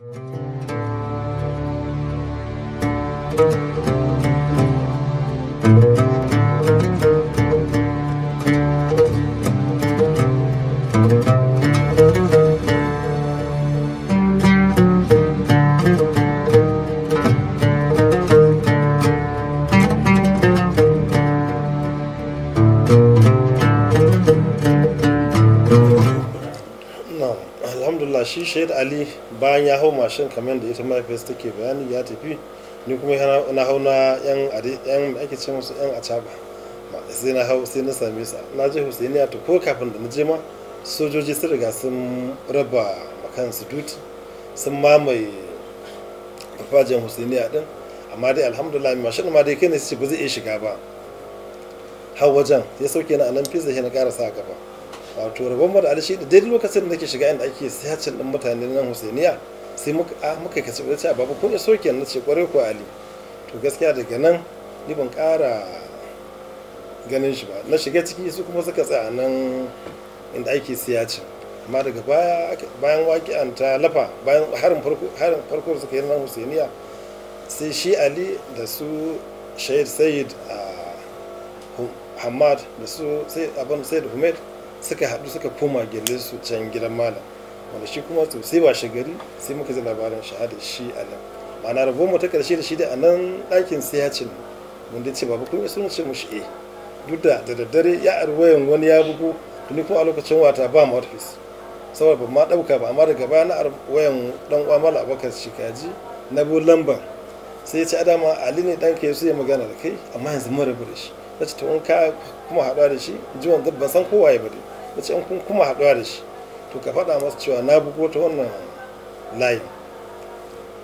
Música shi shahid ali bayan ya hau mashin kamar da ita mahaifiyarsa take bayani ya tafi ni kuma na hau na yan yan ake ce musu yan acaba sai na hau sai na same sa na je husaini to ko kafin da na je ma sojoji sun riga sun raba su duti sun mamaye farfajiyar husainiya din amma dai alhamdulillah mashin ma dai kai ne su ce ba zai iya shiga ba har wajen ya sauke na anan fisa na karasa a gaba wato rabon mu da alishi da daidai lokacin da nake shiga inda ake sihacin din mutane nan husainiya sai muka ah, muka kace ce a ah, babu kun iso kenan ce kwarai ko ali to gaskiya daga nan ni ban ƙara ganin shi ba na shiga ciki su kuma suka tsaya nan inda ake sihacin amma daga baya bayan an ta lafa bayan harin farko harin farko suka yi nan husainiya sai shi ali da su shahid sayid ah, hamad da su sai abin sayid humed suka haɗu suka koma gelle su can gidan malam wanda shi kuma to sai ba gari sai muka ji labarin shahada shi a nan ma'ana rabo mu ta karshe da shi da a nan ɗakin sai ya ce mun dai ce babu kun sun ce mushi eh duk da da daddare ya arwayan wani ya bugu tuni kuma a lokacin wata ba mu ofis saboda ba ma ɗauka ba amma daga baya na arwayan ɗan uwa mala abokan kaji na bu lamban sai ya ce adama ali ne ɗan ka ya magana da kai amma yanzu mara rabu na ce to in ka kuma haɗuwa da shi ji wanzu ban san kowa ya bari na ce in kun kuma haɗuwa da shi to ka faɗa masa cewa na bugo ta wannan layin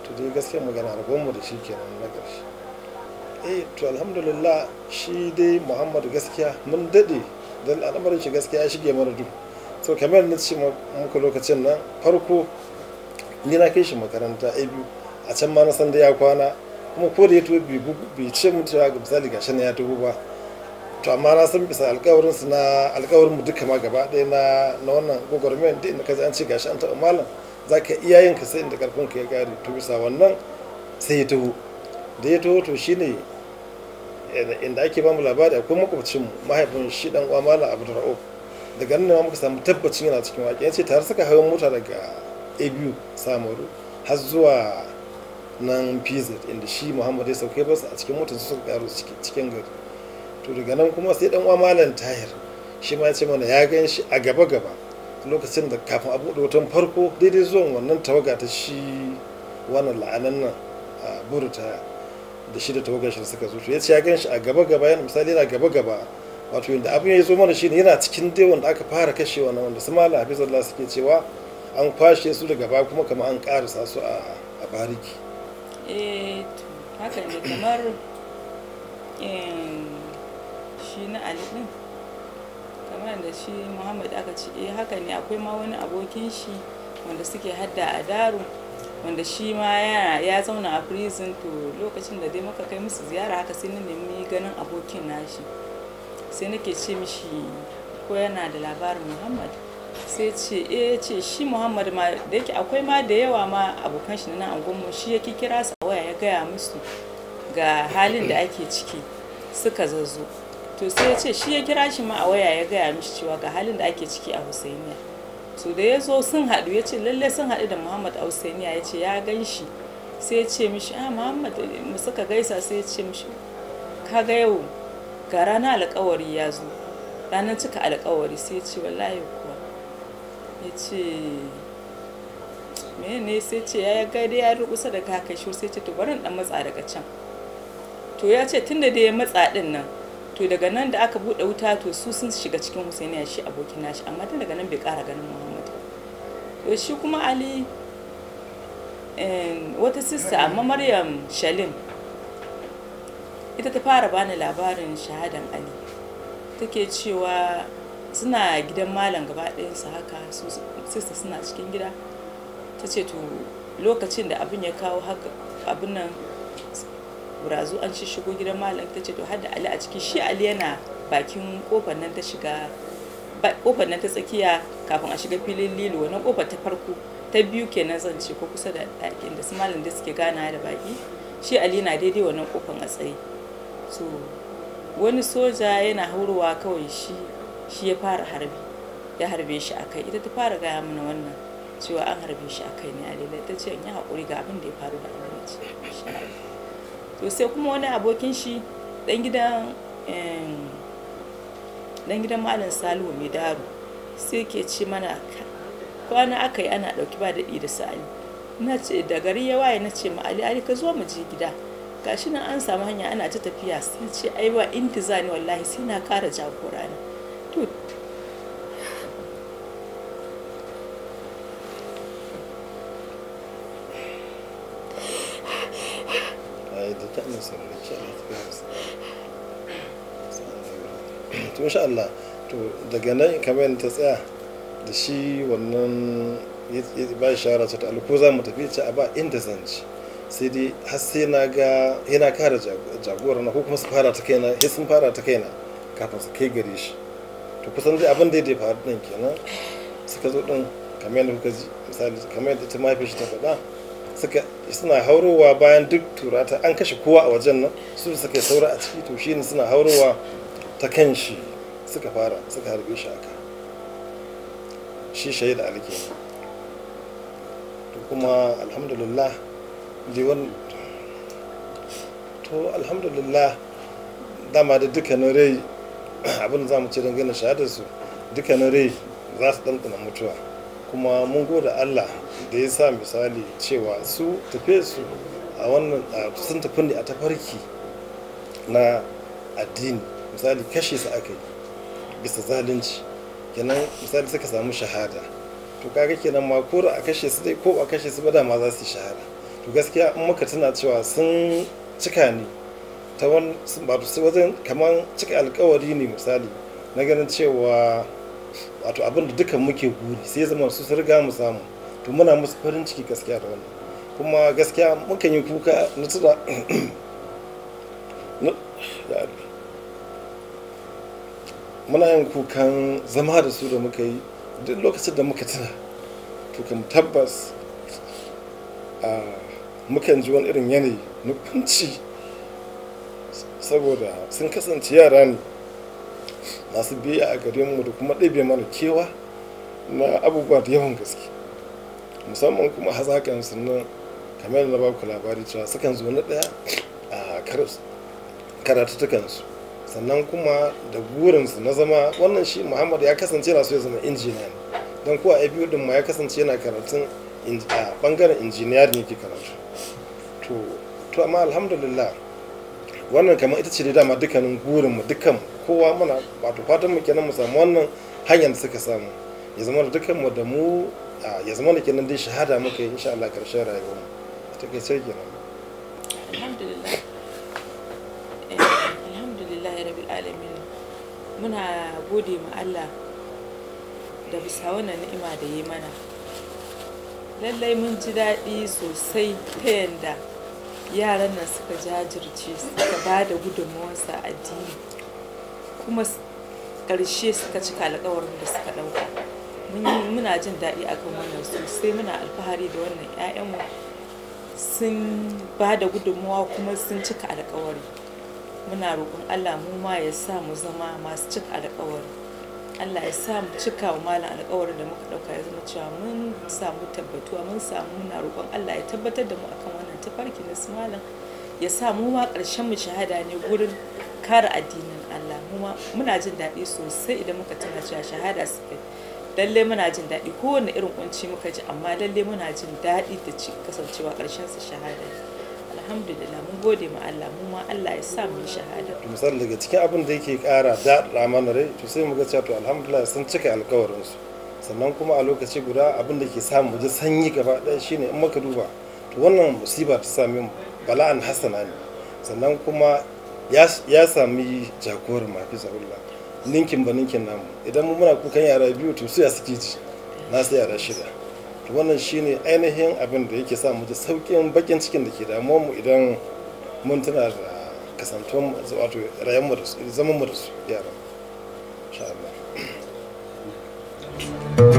to dai gaskiya magana ragonmu da shi kenan na ƙarshe eh to alhamdulillah shi dai muhammadu gaskiya mun daɗe don al'amarin shi gaskiya ya shige mana duk so kamar na ce muku lokacin nan farko ni na kai shi makaranta a biyu a can ma na san da ya kwana kuma ko da ya tuwo bai ce mutuwa ga misali gashi na ya tuwo ba to amma na san bisa alkawarin na alkawarin mu duka ma gaba ɗaya na na wannan gwagwarmen da ka an ce gashi an taɓa malam za ka iya yin ka sai inda karfin ka ya gari to bisa wannan sai ya taho da ya taho to ne eh, inda ake bamu labari akwai makwabcin mu mahaifin shi dan uwa malam abdurra'uf daga nan muka samu tabbacin yana cikin waƙe yace tare suka hawan mota daga abu samaru har zuwa nan pz inda shi muhammad ya sauke su a cikin motar su suka karu cikin gari to daga nan kuma sai dan uwa malam tahir shi ma ce mana ya gan shi a gaba gaba lokacin da kafin a buɗe wutan farko daidai zuwan wannan tawaga ta shi wannan la'anan nan a buruta da shi da tawagar shi suka zo to ya ce ya gan shi a gaba gaba yana misali yana gaba gaba wato yadda abin ya zo mana shi ne yana cikin dai wanda aka fara kashewa na wanda su malam hafizullah suke cewa an kwashe su daga baya kuma kamar an karasa su a a bariki eh haka ne kamar shi na ali din kamar da shi muhammad aka ce eh haka ne akwai ma wani abokin shi wanda suke hadda a daro wanda shi ma ya zauna a prison to lokacin da dai muka kai musu ziyara haka sai na nemi ganin abokin nashi sai nake ce mishi ko yana da labarin muhammad sai ce eh ce shi muhammad ma da yake akwai ma da yawa ma abokan shi na angonmu shi yake kira su a waya ya gaya musu ga halin da ake ciki suka zazzo to sai ya ce shi ya kira shi ma a waya ya gaya mishi cewa ga halin da ake ciki a husainiya to da ya zo sun haɗu ya ce lallai sun haɗu da muhammad a husainiya ya ce ya gan shi sai ya ce mishi a ah, muhammad mu suka gaisa sai ya ce mishi ka ga yau ga rana alkawari ya zo ranar cika alkawari sai ya ce wallahi kuwa ya ce ne sai ce ya ga dai ya kusa da kakashi sai ce to barin dan matsa daga can to ya ce tunda da ya matsa din nan to daga nan da aka buɗe wuta to su sun shiga cikin Husaini shi abokin nashi amma tun daga nan bai ƙara ganin muhammad to shi kuma ali wata sista amma maryam shalim ita ta fara bani labarin shahadan ali take cewa suna gidan malam gaba su haka sista suna cikin gida ta ce to lokacin da abin ya kawo haka abin nan burazu an ci shigo gidan malam ta ce to har da ali a cikin shi ali yana bakin kofar nan ta shiga kofar nan ta tsakiya kafin a shiga filin lilo wannan kofar ta farko ta biyu kenan zan ce ko kusa da ɗakin da su malam da suke gana da baki shi ali na daidai wannan kofar a tsaye so wani soja yana haurowa kawai shi shi ya fara harbi ya harbe shi akai ita ta fara gaya mana wannan cewa an harbe shi akai ne a ta ce in yi haƙuri ga abin da ya faru da amince to sai kuma wani abokin shi dan gidan malam salihu mai daro sai ke ce mana kwana aka yi ana ɗauki ba daɗi da sa'ali na ce da gari ya waye na ce ma ali ka zo mu je gida gashi nan an samu hanya ana ta tafiya sai ce ai ba intiza wallahi sai na kara jagora ne. ina saurari ki to insha Allah to daga nan kamar ta tsaya da shi wannan ba shi shawara ta ko za mu tafi ce a ba inda zan ci sai dai har sai na ga yana kara jagora na ko kuma su fara ta kaina sai sun fara ta kaina kafin su kai gare shi to kusan dai abin da ya faru din kenan suka zo din kamar yadda kuka ji misali kamar yadda ta mahaifin shi ta faɗa suka suna haurowa bayan duk turata an kashe kowa a wajen nan su suka saura a ciki to shine suna haurowa ta kan shi suka fara suka harbe shi aka shi shahid ali to kuma alhamdulillah diwan to alhamdulillah dama da dukkanin rai abin za mu ce dangane shahadarsu dukkanin rai za su ɗanɗana mutuwa kuma mun gode allah da ya sa misali cewa su tafe su a wannan sun tafi ne a tafarki na addini misali kashe su aka yi bisa zalunci kenan misali suka samu shahada to kaga kenan ma ko a kashe su dai ko a kashe su ba da ma za su yi shahada to gaskiya in muka tuna cewa sun cika ni ta wani wajen kamar cika alkawari ne misali na ganin cewa wato abin da dukan muke guri sai zama su sun riga mu samu to muna musu farin ciki gaskiya da wannan kuma gaskiya mukan yi kuka na tsada muna yin kukan zama da su da muka yi duk lokacin da muka tuna kukan tabbas a mukan ji wani irin yanayi nufinci saboda sun kasance yara ne masu biya a gare mu da kuma ɗabe mana kewa na abubuwa da yawan gaske musamman kuma hazaƙan su nan kamar na baku labari cewa sukan zo na ɗaya a karatutukansu sannan kuma da burinsu na zama wannan shi muhammad ya kasance na so ya zama injiniya ne don kuwa a biyu ma ya kasance yana karatun a bangaren injiniya ne yake karatu to to amma alhamdulillah wannan kamar ita ce da dama dukkanin burinmu dukkanmu kowa muna wato fatan mu kenan mu samu wannan hanyar da suka samu ya zama da dukkan mu da mu ya zama da kenan dai shahada muka yi insha Allah karshen rayuwar mu ta kai sai kenan alhamdulillah eh, alhamdulillah rabbil alamin muna gode ma Allah da bisa wannan ni'ima da yayi mana lallai mun ji daɗi sosai ta yanda yaran nan suka jajirce suka ba da gudunmawarsa addini kuma karshe suka cika alƙawarin da suka ɗauka muna jin daɗi akan wannan sosai muna alfahari da wannan 'ya'yanmu sun ba da gudunmawa kuma sun cika alkawari muna roƙon allah mu ma ya sa mu zama masu cika alkawari allah ya sa mu cika wa malam alkawarin da muka ɗauka ya zama cewa mun samu tabbatuwa mun samu muna roƙon allah ya tabbatar da mu akan wannan tafarki na su malam ya sa mu ma ƙarshen mu shahada ne gurin kare addinin Allah kuma muna jin daɗi sosai idan muka tuna cewa shahada suka lalle muna jin daɗi kowane irin kunci muka ji amma lalle muna jin daɗi da ci kasancewa ƙarshen su shahada alhamdulillah mun gode ma Allah mu ma Allah ya sa mu shahada misali daga cikin abin da yake ƙara daɗa mana rai to sai mu ga cewa to alhamdulillah sun cika alƙawarin su sannan kuma a lokaci guda abin da ke samu ji sanyi gaba ɗaya shine in muka duba to wannan musiba ta same mu bala'an hasana ne sannan kuma ya sami jagorar mafi zaɓulla ninkin ba ninkin namu idan muna kukan yara biyu to su ya suke ji na sai yara shida to wannan shine ainihin abin da yake sa mu ji sauƙin bakin cikin da ke damuwa mu idan mun tana da kasantuwar wato rayuwar mu da zaman mu da su yara insha